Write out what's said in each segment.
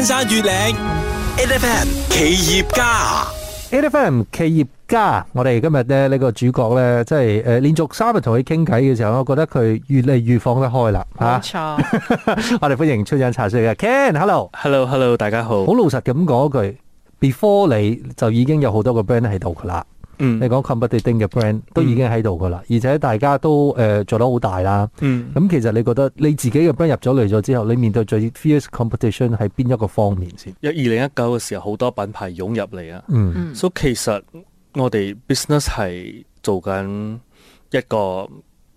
翻山越嶺，ATM 企業家 a f m 企業家，我哋今日咧呢、這個主角咧，即係誒、呃、連續三日同佢傾偈嘅時候，我覺得佢越嚟越放得開啦，吓錯。啊、 我哋歡迎春陽茶事嘅 Ken，Hello，Hello，Hello，大家好。好老實咁講一句，before 你就已經有好多個 brand 喺度噶啦。嗯，你講 competing 嘅 brand 都已經喺度噶啦，嗯、而且大家都誒、呃、做得好大啦。咁、嗯、其實你覺得你自己嘅 brand 入咗嚟咗之後，你面對最 fierce competition 係邊一個方面先？因為二零一九嘅時候，好多品牌湧入嚟啊。所以、嗯 so、其實我哋 business 係做緊一個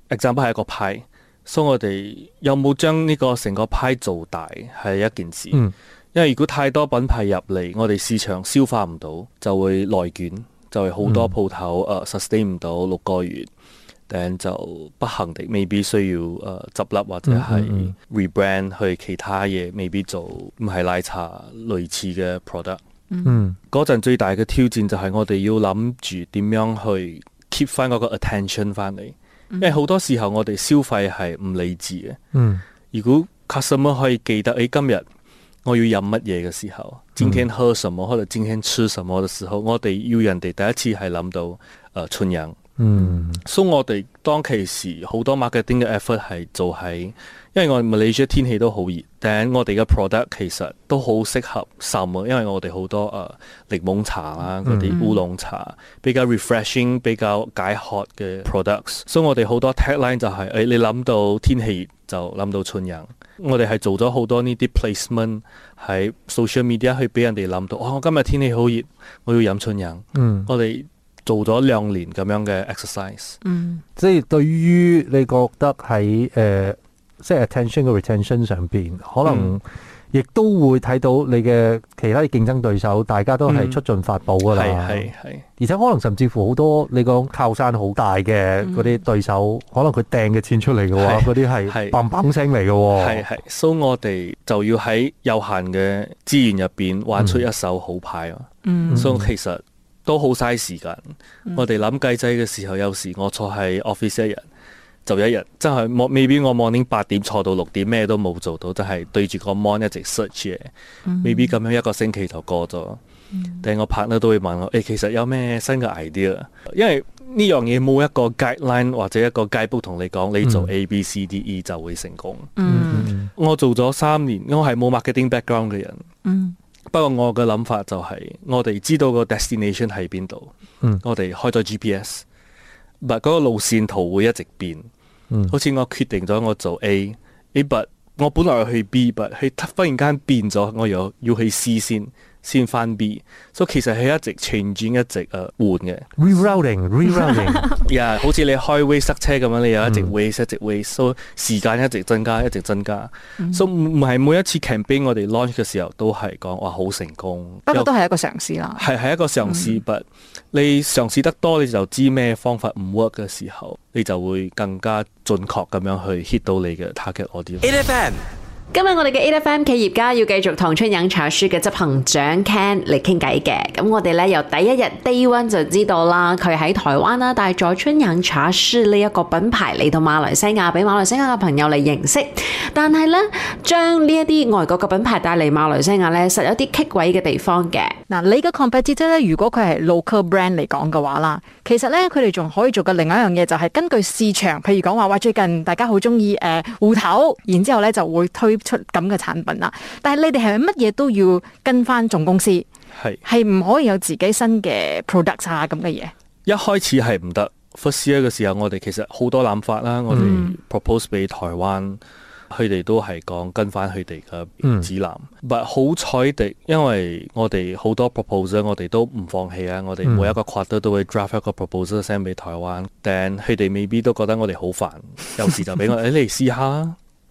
，example 係一個派，所、so、以我哋有冇將呢個成個派做大係一件事。嗯、因為如果太多品牌入嚟，我哋市場消化唔到，就會內卷。就係好多鋪頭誒、uh, sustain 唔到六個月，但就不幸地未必需要誒執笠或者係 rebrand 去其他嘢，未必做唔係奶茶類似嘅 product。嗯、mm，嗰、hmm、陣最大嘅挑戰就係我哋要諗住點樣去 keep 翻嗰個 attention 翻嚟，因為好多時候我哋消費係唔理智嘅。Mm-hmm. 如果 customer 可以記得誒、哎、今日。我要飲乜嘢嘅時候，今天喝什麼或者今天吃什麼嘅時候，我哋要人哋第一次係諗到誒、呃、春陽。嗯，所以、so, 我哋當其時好多 marketing 嘅 effort 係做喺，因為我哋馬來西亞天氣都好熱，但係我哋嘅 product 其實都好適合 summer，因為我哋好多誒檸、呃、檬茶啦，嗰啲烏龍茶比較 refreshing，比較解渴嘅 products。所、so, 以我哋好多 tagline 就係、是、誒、哎，你諗到天氣就諗到春陽。我哋係做咗好多呢啲 placement 喺 social media 去俾人哋諗到，我、哦、今日天氣好熱，我要飲春飲。嗯，我哋做咗兩年咁樣嘅 exercise。嗯，即係對於你覺得喺誒、呃，即係 attention 嘅 retention 上邊，可能、嗯。亦都會睇到你嘅其他嘅競爭對手，大家都係出盡法寶㗎啦。係係、嗯、而且可能甚至乎好多你講靠山好大嘅嗰啲對手，可能佢掟嘅錢出嚟嘅話，嗰啲係砰砰聲嚟嘅。係係，所以我哋就要喺有限嘅資源入邊玩出一手好牌啊。嗯，所以其實都好嘥時間。嗯、我哋諗計仔嘅時候，有時我坐喺 office 一日。就一日真係 maybe 我 morning 八點坐到六點，咩都冇做到，就係對住個 mon 一直 search 嘢、mm。Hmm. maybe 咁樣一個星期就過咗。但係、mm hmm. 我 partner 都會問我，誒、欸、其實有咩新嘅 idea？因為呢樣嘢冇一個 guideline 或者一個 guidebook 同你講，你做 A B C D E 就會成功。Mm hmm. 我做咗三年，我係冇 marketing background 嘅人。Mm hmm. 不過我嘅諗法就係、是，我哋知道個 destination 喺邊度，mm hmm. 我哋開咗 GPS。唔，嗰個路線圖會一直變，好似我決定咗我做 A，A but 我本來去 B but 去，忽然間變咗我又要去 C 先。先翻 B，所、so, 以其實係一直 changing 一直誒、啊、換嘅。re-routing，re-routing，好似你開 way 塞車咁樣，你又一直 wait，一直 wait，所以時間一直增加，一直增加。所以唔係每一次 campaign 我哋 launch 嘅時候都係講哇好成功，不過、嗯、又都係一個嘗試，試啦。係係一個嘗試，試，但、mm. 你嘗試得多，你就知咩方法唔 work 嘅時候，你就會更加準確咁樣去 hit 到你嘅 target audience。 今日我哋嘅 8FM 企業家要繼續同春陽茶事嘅執行長 Ken 嚟傾偈嘅，咁我哋咧由第一日 Day One 就知道啦，佢喺台灣啦帶咗春陽茶事呢一個品牌嚟到馬來西亞，俾馬來西亞嘅朋友嚟認識。但係咧將呢一啲外國嘅品牌帶嚟馬來西亞咧，實有啲棘位嘅地方嘅。嗱，你嘅 competitor 咧，如果佢係 local brand 嚟講嘅話啦，其實咧佢哋仲可以做嘅另外一樣嘢，就係、是、根據市場，譬如講話哇最近大家好中意誒芋頭，然之後咧就會推。出咁嘅產品啦，但係你哋係乜嘢都要跟翻總公司，係係唔可以有自己新嘅 product 咁嘅嘢。一開始係唔得，first year 嘅時候，我哋其實好多諗法啦。我哋 propose 俾台灣，佢哋、嗯、都係講跟翻佢哋嘅指南。唔好彩地，因為我哋好多 proposal，我哋都唔放棄啊。我哋每一個 quarter 都會 draft 一個 proposal send 俾台灣，但佢哋未必都覺得我哋好煩。有時就俾我誒嚟 試下。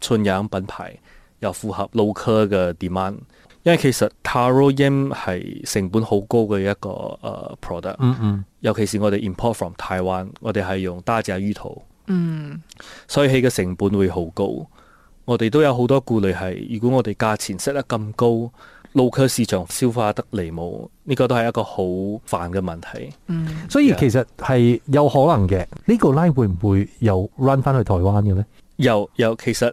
春陽品牌又符合 local 嘅 demand，因為其實 taro yam 係成本好高嘅一個誒 product、mm。Hmm. 尤其是我哋 import from 台灣，我哋係用當地嘅芋頭。嗯、hmm.，所以佢嘅成本會好高。我哋都有好多顧慮，係如果我哋價錢 set 得咁高，local 市場消化得嚟冇，呢、這個都係一個好煩嘅問題，mm hmm. 所以其實係有可能嘅，呢 Yeah. 個 line 會唔會又 run 翻去台灣嘅咧？又又其實。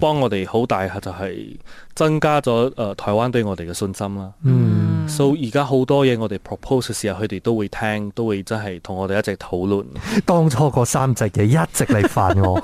幫我哋好大就係、是、增加咗誒、呃、台灣對我哋嘅信心啦。嗯，所以而家好多嘢，我哋 propose 嘅時候，佢哋都會聽，都會真係同我哋一直討論。當初嗰三隻嘢一直嚟煩我。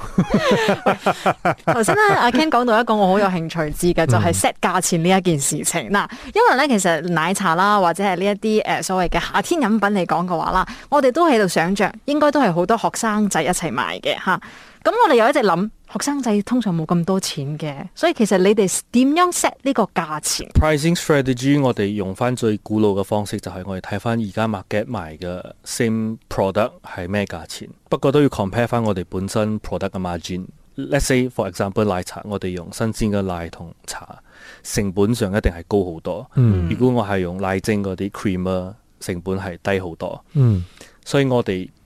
頭先咧，阿 Ken 講到一個我好有興趣知嘅，就係 set 價錢呢一件事情啦。嗯、因為咧，其實奶茶啦，或者係呢一啲誒所謂嘅夏天飲品嚟講嘅話啦，我哋都喺度想象，應該都係好多學生仔一齊買嘅吓。咁我哋又一直諗，學生仔通常冇咁多錢嘅，所以其實你哋點樣 set 呢個價錢？Pricing strategy 我哋用翻最古老嘅方式，就係我哋睇翻而家 market 賣嘅 same product 係咩價錢，不過都要 compare 翻我哋本身 product 嘅 margin。Let's say for example 奶茶，我哋用新鮮嘅奶同茶，成本上一定係高好多。嗯，如果我係用奶精嗰啲 cream 啊，成本係低好多。嗯，所以我哋。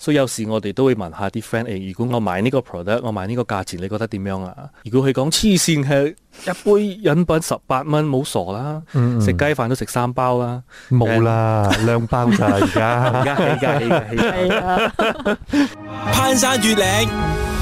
所以有時我哋都會問下啲 friend，誒，如果我買呢個 product，我買呢個價錢，你覺得點樣啊？如果佢講黐線，係一杯飲品十八蚊，冇傻啦，食雞飯都食三包啦，冇啦、嗯嗯，嗯、兩包就而家？攀山越嶺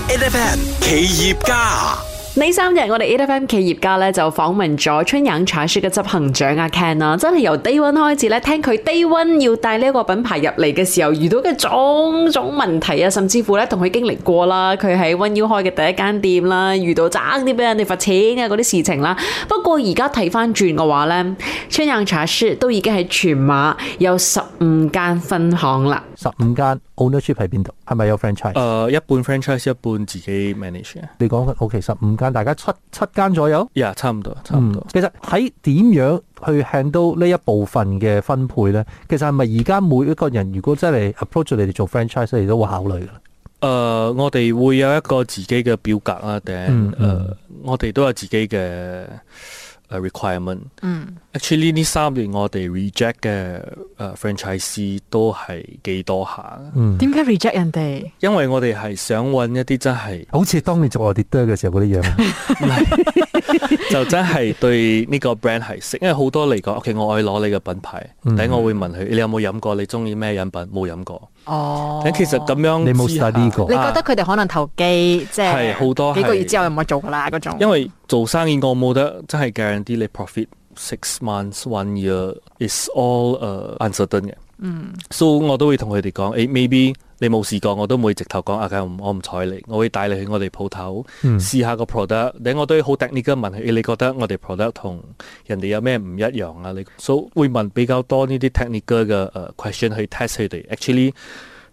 ，eleven 企業家。呢三日我哋 ATFM 企業家咧就訪問咗春飲茶書嘅執行長阿 Ken 啊，真係由低温 y 開始咧，聽佢低温」要帶呢一個品牌入嚟嘅時候遇到嘅種種問題啊，甚至乎咧同佢經歷過啦，佢喺 o 要 e 開嘅第一間店啦，遇到差啲俾人哋罰錢啊嗰啲事情啦。不過而家睇翻轉嘅話咧，春飲茶書都已經喺全馬有十五間分行啦，十五間。Ownership 喺邊度？係咪有 franchise？誒，uh, 一半 franchise，一半自己 manage。你講緊，好，其實五間，大家七七間左右。呀，yeah, 差唔多，差唔多、嗯。其實喺點樣去 handle 呢一部分嘅分配呢？其實係咪而家每一個人如果真係 approach 到你哋做 franchise，你都會考慮嘅？誒，uh, 我哋會有一個自己嘅表格啊，定誒，mm hmm. uh, 我哋都有自己嘅。Uh, requirement，Actually, 嗯，actually 呢三年我哋 reject 嘅誒 franchise 都係幾多下，點解 reject 人哋？因為我哋係想揾一啲真係好似當年做我哋多嘅時候嗰啲樣， 就真係對呢個 brand 係識，因為好多嚟講，OK，我愛攞你嘅品牌，等、嗯、我會問佢，你有冇飲過？你中意咩飲品？冇飲過。哦，咁、oh, 其實咁樣，你冇試下呢個？啊、你覺得佢哋可能投機，即係好多幾個月之後又唔可以做噶啦嗰種，因為做生意我冇得即係 guarantee 你 profit six months one year，is all 呃、uh, uncertain 嘅。嗯，所以、so, 我都會同佢哋講，誒、哎、maybe 你冇試過，我都唔會直頭講啊，我唔睬你，我會帶你去我哋鋪頭試下個 product。等我都好 technical 問佢、哎，你覺得我哋 product 同人哋有咩唔一樣啊？你，所以、so, 會問比較多呢啲 technical 嘅 question 去 test 佢哋，actually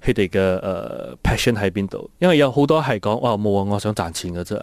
佢哋嘅 passion 喺邊度？因為有好多係講，冇啊，我想賺錢嘅啫。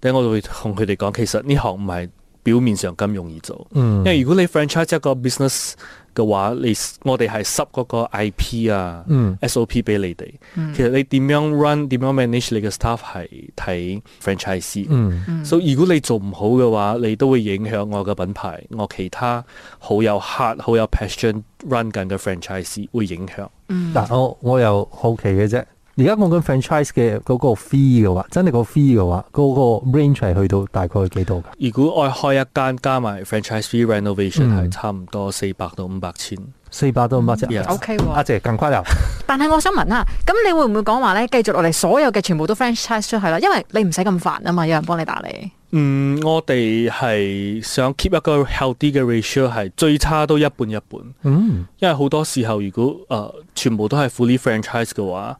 等我會同佢哋講，其實呢行唔係表面上咁容易做，因為如果你 franchise 一個 business 嘅話，你我哋係濕嗰個 IP 啊、嗯、，SOP 俾你哋。嗯、其實你點樣 run，點樣 manage 你嘅 staff 係睇 franchise。所以、嗯 so、如果你做唔好嘅話，你都會影響我嘅品牌，我其他好有 heart、好有 passion run 緊嘅 franchise 會影響。嗯、但我我又好奇嘅啫。而家講緊 franchise 嘅嗰個 fee 嘅話，真係個 fee 嘅話，嗰、那個 range 係去到大概幾多嘅？如果我開一間加埋 franchise fee renovation 係、嗯、差唔多四百到五百千，四百到五百千 OK 阿姐,姐更誇了。 但係我想問啦，咁你會唔會講話咧？繼續落嚟所有嘅全部都 franchise 出去啦，因為你唔使咁煩啊嘛，有人幫你打理。嗯，我哋係想 keep 一個 healthy 嘅 ratio，係最差都一半一半。嗯、因為好多時候如果誒、呃、全部都係 fully franchise 嘅話。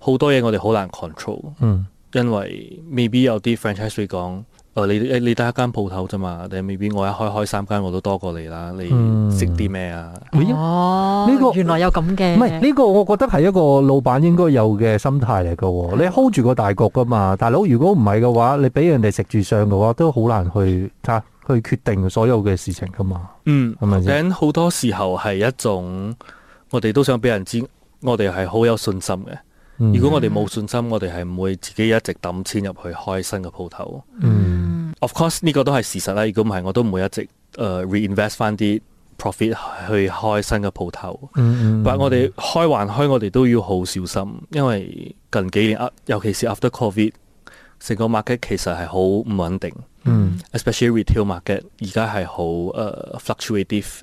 好多嘢我哋好難 control，嗯、因為未必有啲 franchise 會講，誒、呃、你你得一間鋪頭咋嘛？但係未必我一開一開三間我都多過你啦。你食啲咩啊？哦、呢、這個原來有咁嘅。唔係呢個，我覺得係一個老闆應該有嘅心態嚟噶。你 hold 住個大局噶嘛，大佬。如果唔係嘅話，你俾人哋食住上嘅話，都好難去吓、啊、去決定所有嘅事情噶嘛。嗯，係咪好多時候係一種我哋都想俾人知，我哋係好有信心嘅。如果我哋冇信心，我哋係唔會自己一直抌錢入去開新嘅鋪頭。Of course，呢個都係事實啦。如果唔係，我都唔會一直誒 reinvest 翻啲 profit 去開新嘅鋪頭。但係我哋開還開，我哋都要好小心，因為近幾年，尤其是 after COVID，成個 market 其實係好唔穩定。Especially retail market，而家係好誒 fluctuating。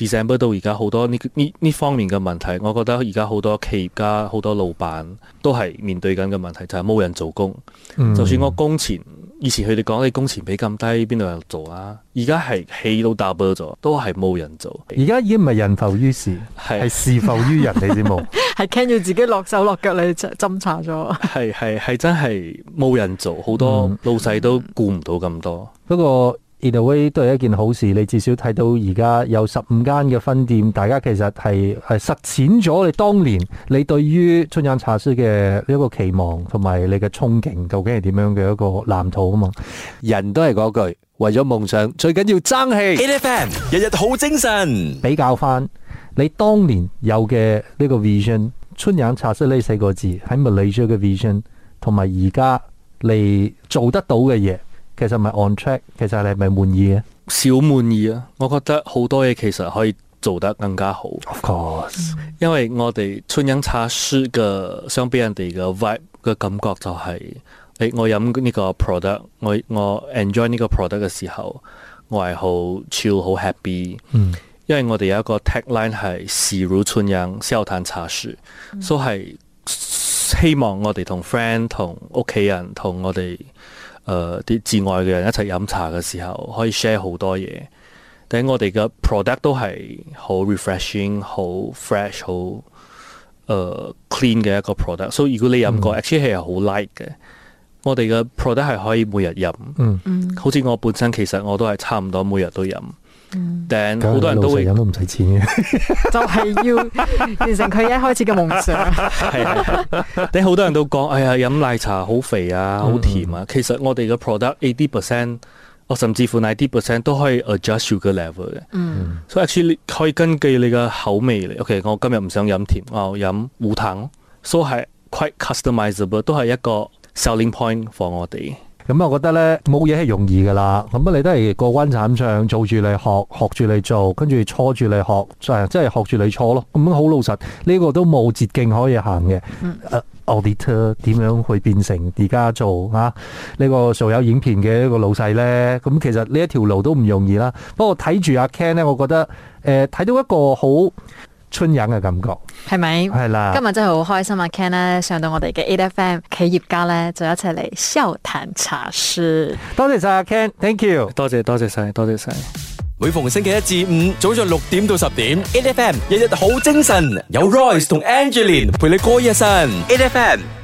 d e c e m b e 到而家好多呢呢呢方面嘅問題，我覺得而家好多企業家、好多老闆都係面對緊嘅問題，就係冇人做工。就算我工錢，以前佢哋講你工錢比咁低，邊度有做啊？而家係起都打 o 咗，都係冇人做。而家已經唔係人浮於事，係事浮於人，你知冇？係 k e 自己落手落腳嚟斟查咗。係係係真係冇人做，好多老細都顧唔到咁多。不過、嗯。嗯。Anyway 都係一件好事，你至少睇到而家有十五間嘅分店，大家其實係係實踐咗你當年你對於春陽茶事嘅呢一個期望同埋你嘅憧憬，究竟係點樣嘅一個藍圖啊嘛？人都係嗰句，為咗夢想，最緊要爭氣。A. F. M. 日日好精神。比較翻你當年有嘅呢個 vision，春陽茶事呢四個字係咪理想嘅 vision，同埋而家你做得到嘅嘢。其實咪 on track，其實你係咪滿意嘅？小滿意啊！我覺得好多嘢，其實可以做得更加好。Of course，因為我哋春陽茶事嘅想俾人哋嘅 vibe 嘅感覺就係、是，誒、欸，我飲呢個 product，我我 enjoy 呢個 product 嘅時候，我係好 chill 好 happy。嗯，因為我哋有一個 tagline 係時如春陽，燒炭茶事，所以、嗯 so、希望我哋同 friend、同屋企人、同我哋。誒啲至愛嘅人一齊飲茶嘅時候，可以 share 好多嘢。等我哋嘅 product 都係好 refreshing、好、呃、fresh、好誒 clean 嘅一個 product。所以如果你飲過，actually 係好 light 嘅。我哋嘅 product 係可以每日飲，嗯、好似我本身其實我都係差唔多每日都飲。但好多人都會飲都唔使錢嘅，就係要完成佢一開始嘅夢想。係啊，係好多人都講，哎呀，飲奶茶好肥啊，好甜啊。其實我哋嘅 product eighty percent，我甚至乎 ninety percent 都可以 adjust sugar level 嘅。嗯，所以其實你可以根據你嘅口味嚟。OK，我今日唔想飲甜，我飲無糖，所以係 quite customizable，都係一個 selling point for 我哋。咁、嗯、我覺得呢，冇嘢係容易㗎啦，咁、嗯、啊你都係過關斬將，做住你學，學住你做，跟住錯住你學，即係即係學住你錯咯。咁好老實，呢、呢個都冇捷徑可以行嘅。嗯 uh, Auditor 點樣去變成而家做啊？呢、呢個所有影片嘅一個老細呢，咁、嗯、其實呢一條路都唔容易啦。不過睇住阿 Ken 呢，我覺得誒睇、呃、到一個好。春飲嘅感覺係咪吧？係啦，今日真係好開心阿、啊、Ken 咧上到我哋嘅 ATFM 企業家咧，就一齊嚟笑談茶事。多謝晒阿 Ken Thank you，多謝多謝晒，多謝晒。謝每逢星期一至五早上六點到十點，ATFM 日日好精神，有 Royce 同 Angeline 陪你過夜神 ATFM